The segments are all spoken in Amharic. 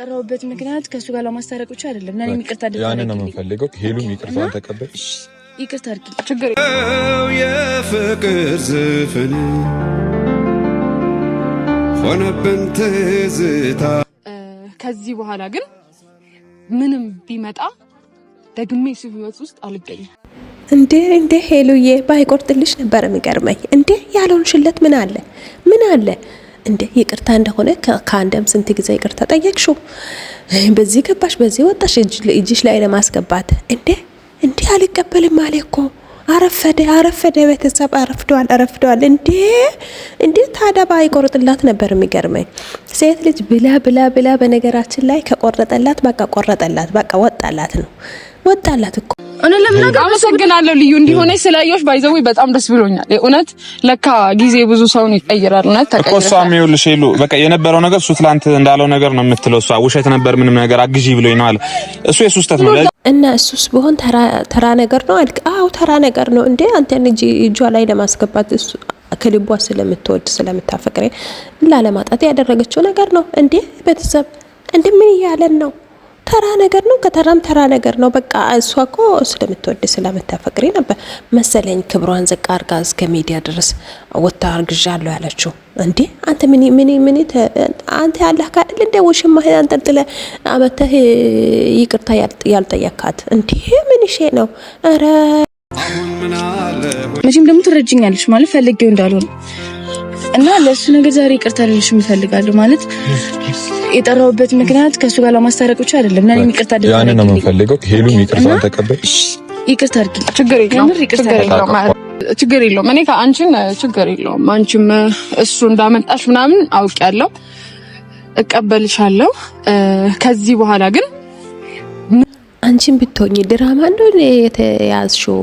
ጠራሁበት ምክንያት ከእሱ ጋር ለማስታረቅ ብቻ አይደለም። ለእኔም ይቅርታ ያንን ነው የምንፈልገው። ሄሉም ይቅርታን ተቀበል፣ ይቅርታ አድርጊ። ችግር የፍቅር ዝፍን ሆነብን ትዝታ። ከዚህ በኋላ ግን ምንም ቢመጣ ደግሜ እሱ ህይወት ውስጥ አልገኝም። እንዴ እንዴ ሄሉዬ ባይቆርጥልሽ ነበር የሚገርመኝ። እንዴ ያለውን ሽለት ምን አለ ምን አለ እንደ ይቅርታ እንደሆነ ከአንድም ስንት ጊዜ ይቅርታ ጠየቅሽው? በዚህ ገባሽ፣ በዚህ ወጣሽ፣ እጅሽ ላይ ለማስገባት እንደ እንዲህ አልቀበልም አለ እኮ አረፈደ አረፈደ። ቤተሰብ አረፍደዋል አረፍደዋል። እንዴ እንዴ ታዳባ ይቆርጥላት ነበር። የሚገርመኝ ሴት ልጅ ብላ ብላ ብላ፣ በነገራችን ላይ ከቆረጠላት በቃ ቆረጠላት፣ በቃ ወጣላት ነው ወጣላት እኮ እኔ ለምን አመሰግናለሁ ልዩ እንዲሆነ ስላየሁሽ ባይዘው በጣም ደስ ብሎኛል። እውነት ለካ ጊዜ ብዙ ሰውን ይቀይራል። እውነት ተቀይራል እኮ እሷም ይኸውልሽ ሄሉ በቃ የነበረው ነገር እሱ ትላንት እንዳለው ነገር ነው የምትለው እሷ ውሸት ነበር ምንም ነገር አግዢ ብሎኝ ነው አለ እሱ የሱ ስህተት ነው እና እሱስ ቢሆን ተራ ነገር ነው አልክ። አዎ ተራ ነገር ነው እንዴ አንተን እጅ እጇ ላይ ለማስገባት እሱ ከልቧ ስለምትወድ ስለምታፈቅሬ ላለማጣት ያደረገችው ነገር ነው እንዴ ቤተሰብ እንደምን እያለን ነው ተራ ነገር ነው። ከተራም ተራ ነገር ነው። በቃ እሷ እኮ ስለምትወድ ስለምታፈቅሪ ነበር መሰለኝ ክብሯን ዝቅ አርጋ እስከ ሚዲያ ድረስ ወታ አርግዣለሁ ያለችው። እንዴ አንተ ምን ምን ምን አንተ ያለህ ካል እንደ ውሽማህ አንጠልጥለ አመተህ ይቅርታ ያልጠየካት እንዴ ምን ነው? ኧረ መቼም ደግሞ ትረጅኛለች ማለት ፈልጌው እንዳልሆነ እና ለእሱ ነገር ዛሬ ይቅርታ ልልሽ እፈልጋለሁ። ማለት የጠራሁበት ምክንያት ከእሱ ጋር ለማስታረቅ ብቻ አይደለም። እና እኔም ይቅርታ አድርጊልኝ። ያንን ነው የምፈልገው። ሄሉም ይቅርታ ተቀበል። ይቅርታ አድርጊልኝ። ችግር የለውም፣ ችግር የለውም። እኔ ከአንቺን ችግር የለውም። አንቺም እሱ እንዳመጣሽ ምናምን አውቄያለሁ፣ እቀበልሻለሁ። ከዚህ በኋላ ግን አንቺን ብትሆኝ ድራማ እንደሆነ የተያዝሽው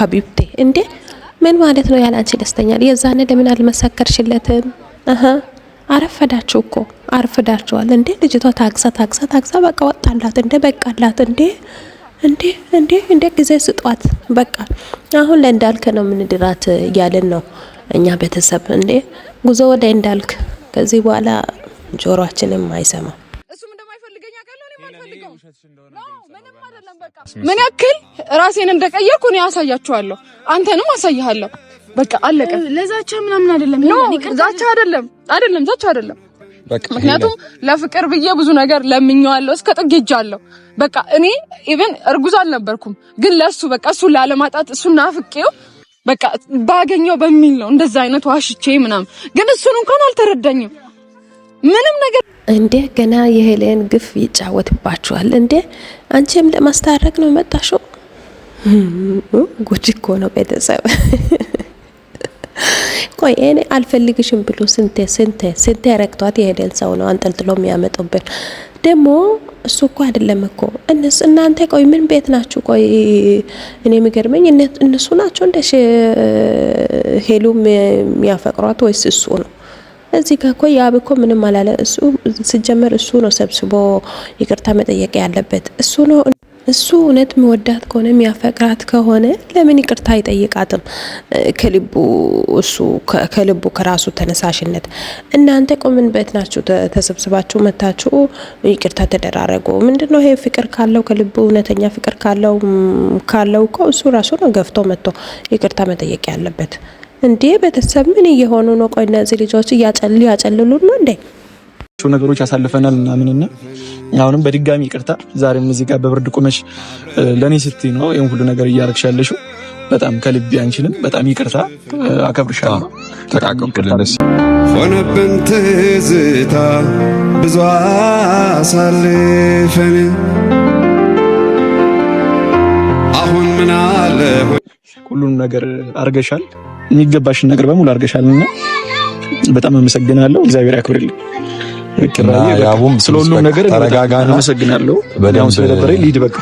ሀቢብቴ እንዴ ምን ማለት ነው? ያላንቺ ደስተኛል። የዛን ለምን አልመሰከርሽለትም? አሀ አረፈዳችሁ እኮ አርፍዳችኋል እንዴ! ልጅቷ ታግሳ ታግሳ ታግሳ በቃ ወጣላት እንዴ! በቃላት እንዴ! እንዴ እንዴ እንዴ ጊዜ ስጧት በቃ አሁን ለእንዳልክ ነው የምንድራት እያለን ነው እኛ ቤተሰብ። እንዴ ጉዞ ወደ እንዳልክ ከዚህ በኋላ ጆሮአችንም አይሰማም። ምን ያክል ራሴን እንደቀየርኩ እኔ አሳያችኋለሁ፣ አንተንም አሳይሃለሁ። በቃ አለቀ። ለዛቻ ምናምን አይደለም፣ ዛቻ አይደለም፣ አይደለም፣ ዛቻ አይደለም። ምክንያቱም ለፍቅር ብዬ ብዙ ነገር ለምኜዋለሁ፣ እስከ ጥግ ሄጃለሁ። በቃ እኔ ኢቭን እርጉዝ አልነበርኩም፣ ግን ለሱ በቃ እሱን ላለማጣት እሱን ናፍቄው በቃ ባገኘው በሚል ነው እንደዛ አይነት ዋሽቼ ምናምን፣ ግን እሱን እንኳን አልተረዳኝም። ምንም ነገር እንዴ! ገና የሄለን ግፍ ይጫወትባችኋል እንዴ! አንቺም ለማስታረቅ ነው መጣሽው? ጉድ እኮ ነው ቤተሰብ። ቆይ እኔ አልፈልግሽም ብሎ ስንቴ ስንቴ ስንቴ ረግቷት የሄለን ሰው ነው አንጠልጥሎ የሚያመጡብን። ደግሞ እሱ እኮ አይደለም እኮ እነሱ እናንተ ቆይ ምን ቤት ናችሁ? ቆይ እኔ የሚገርመኝ እነሱ ናቸው እንደ ሄሉ የሚያፈቅሯት ወይስ እሱ ነው? እዚህ ጋር እኮ ያብ እኮ ምንም አላለ። እሱ ሲጀመር እሱ ነው ሰብስቦ ይቅርታ መጠየቅ ያለበት እሱ ነው። እሱ እውነት የሚወዳት ከሆነ የሚያፈቅራት ከሆነ ለምን ይቅርታ አይጠይቃትም? ከልቡ እሱ ከልቡ ከራሱ ተነሳሽነት። እናንተ በት ናችሁ ተሰብስባችሁ መታችሁ ይቅርታ ተደራረጉ። ምንድን ነው ይሄ? ፍቅር ካለው ከልቡ እውነተኛ ፍቅር ካለው ካለው እኮ እሱ ራሱ ነው ገፍቶ መጥቶ ይቅርታ መጠየቅ ያለበት። እንዴ ቤተሰብ ምን እየሆኑ ነው? ቆይ እነዚህ ልጆች እያጨል ያጨልሉ ነው እንዴ? ነገሮች ያሳልፈናል ምናምንና አሁንም በድጋሚ ይቅርታ። ዛሬም እዚህ ጋር በብርድ ቁመሽ ለእኔ ስትይ ነው ይህን ሁሉ ነገር እያረግሽ ያለሽው። በጣም ከልቤ አንቺንም በጣም ይቅርታ። አከብርሻለሁ። ተቃቀምኩልንስ ሆነብን ትዝታ ብዙ አሳልፈን አሁን ምን አለ ሁሉንም ነገር አርገሻል። የሚገባሽን ነገር በሙሉ አድርገሻልና በጣም አመሰግናለሁ። እግዚአብሔር ያክብርልኝ። ስለሁሉም ነገር ተረጋጋና አመሰግናለሁ። በደም ስለነበረ ሊድ በቃ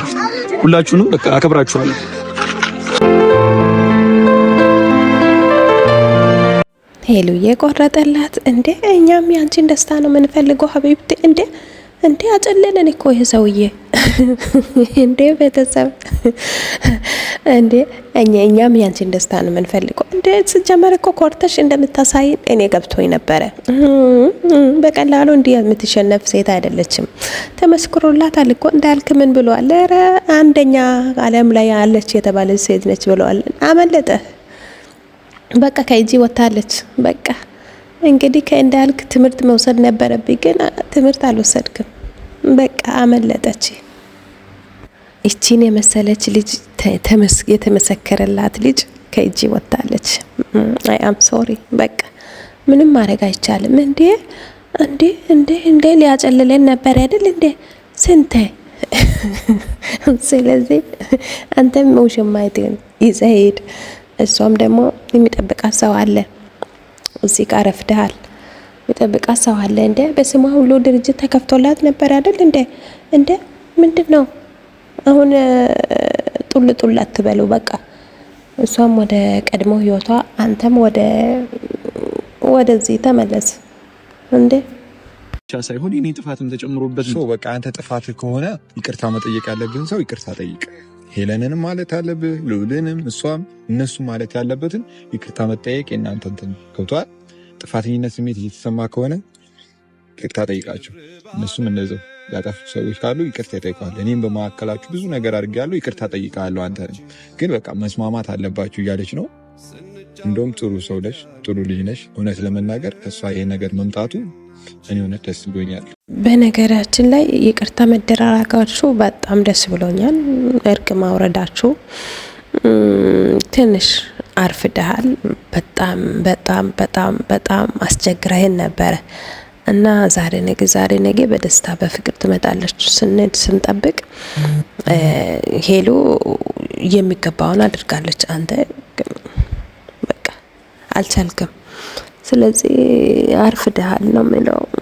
ሁላችሁንም በቃ አከብራችኋለሁ። ሄሉ የቆረጠላት እንዴ! እኛም ያንቺን ደስታ ነው የምንፈልገው ሀቢብቴ እንዴ እንዴ አጨለለን እኮ ይሄ ሰውዬ እንዴ ቤተሰብ እንዴ እኛ እኛም ያንቺን ደስታ ነው የምንፈልገው። እንዴ ስጀመር እኮ ኮርተሽ እንደምታሳይን እኔ ገብቶኝ ነበረ። በቀላሉ እንዲህ የምትሸነፍ ሴት አይደለችም። ተመስክሮላታል እኮ እንዳልክ ምን ብሏል? ኧረ አንደኛ ዓለም ላይ አለች የተባለች ሴት ነች ብለዋል። አመለጠ። በቃ ከእጅ ወታለች። በቃ እንግዲህ ከእንዳልክ ትምህርት መውሰድ ነበረብኝ፣ ግን ትምህርት አልወሰድክም። በቃ አመለጠች። ይቺን የመሰለች ልጅ የተመሰከረላት ልጅ ከእጅ ወጥታለች። አይ አም ሶሪ። በቃ ምንም ማድረግ አይቻልም። እንዴ እንዴ እንዴ እንዴ ሊያጨልለን ነበር አይደል? እንዴ ስንተ ስለዚህ አንተም ውሽማይትን ይዘህ ሂድ። እሷም ደግሞ የሚጠብቃት ሰው አለ። እዚህ ጋር ረፍደሃል። የጠብቃት ሰው አለ እንደ በስሟ ሁሉ ድርጅት ተከፍቶላት ነበር አይደል? እንዴ? እንዴ ምንድን ነው አሁን ጡል ጡል አትበሉ በቃ። እሷም ወደ ቀድሞ ህይወቷ፣ አንተም ወደ ወደዚህ ተመለስ። እንዴ ብቻ ሳይሆን የኔ ጥፋትም ተጨምሮበት ነው። በቃ አንተ ጥፋት ከሆነ ይቅርታ መጠየቅ ያለብን ሰው ይቅርታ ጠይቅ። ሄለንንም ማለት አለብህ፣ ልዑልንም፣ እሷም እነሱ ማለት ያለበትን ይቅርታ መጠየቅ የእናንተ እንትን ጥፋተኝነት ስሜት እየተሰማ ከሆነ ይቅርታ ጠይቃቸው። እነሱም እንደዚያው ያጠፉ ሰዎች ካሉ ይቅርታ ይጠይቃሉ። እኔም በመካከላችሁ ብዙ ነገር አድርጌያለሁ፣ ይቅርታ ጠይቃለሁ። አንተ ግን በቃ መስማማት አለባችሁ እያለች ነው። እንደውም ጥሩ ሰው ነሽ፣ ጥሩ ልጅ ነሽ። እውነት ለመናገር ከእሷ ይሄ ነገር መምጣቱ እኔ እውነት ደስ ብሎኛል። በነገራችን ላይ ይቅርታ መደራረጋችሁ በጣም ደስ ብሎኛል። እርቅ ማውረዳችሁ ትንሽ አርፍደሃል። በጣም በጣም በጣም በጣም አስቸግራይን ነበረ እና ዛሬ ነገ ዛሬ ነገ በደስታ በፍቅር ትመጣለች ስንል ስንጠብቅ ሄሉ የሚገባውን አድርጋለች። አንተ በቃ አልቻልክም። ስለዚህ አርፍደሃል ነው የምለው።